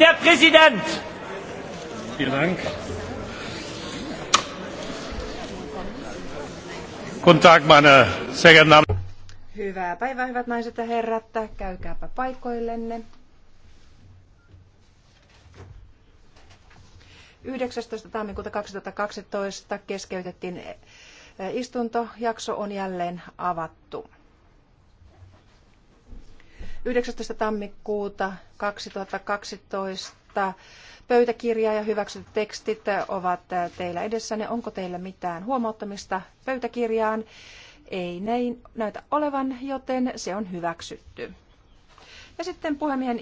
der Präsident. Vielen Dank. Guten Tag, meine sehr geehrten Damen. Hyvää päivää, hyvät naiset ja herrat. Käykääpä paikoillenne. 19. tammikuuta 2012 keskeytettiin istuntojakso on jälleen avattu. 19. tammikuuta 2012 pöytäkirja ja hyväksytyt tekstit ovat teillä edessänne. Onko teillä mitään huomauttamista pöytäkirjaan? Ei näin näytä olevan, joten se on hyväksytty. Ja sitten puhemiehen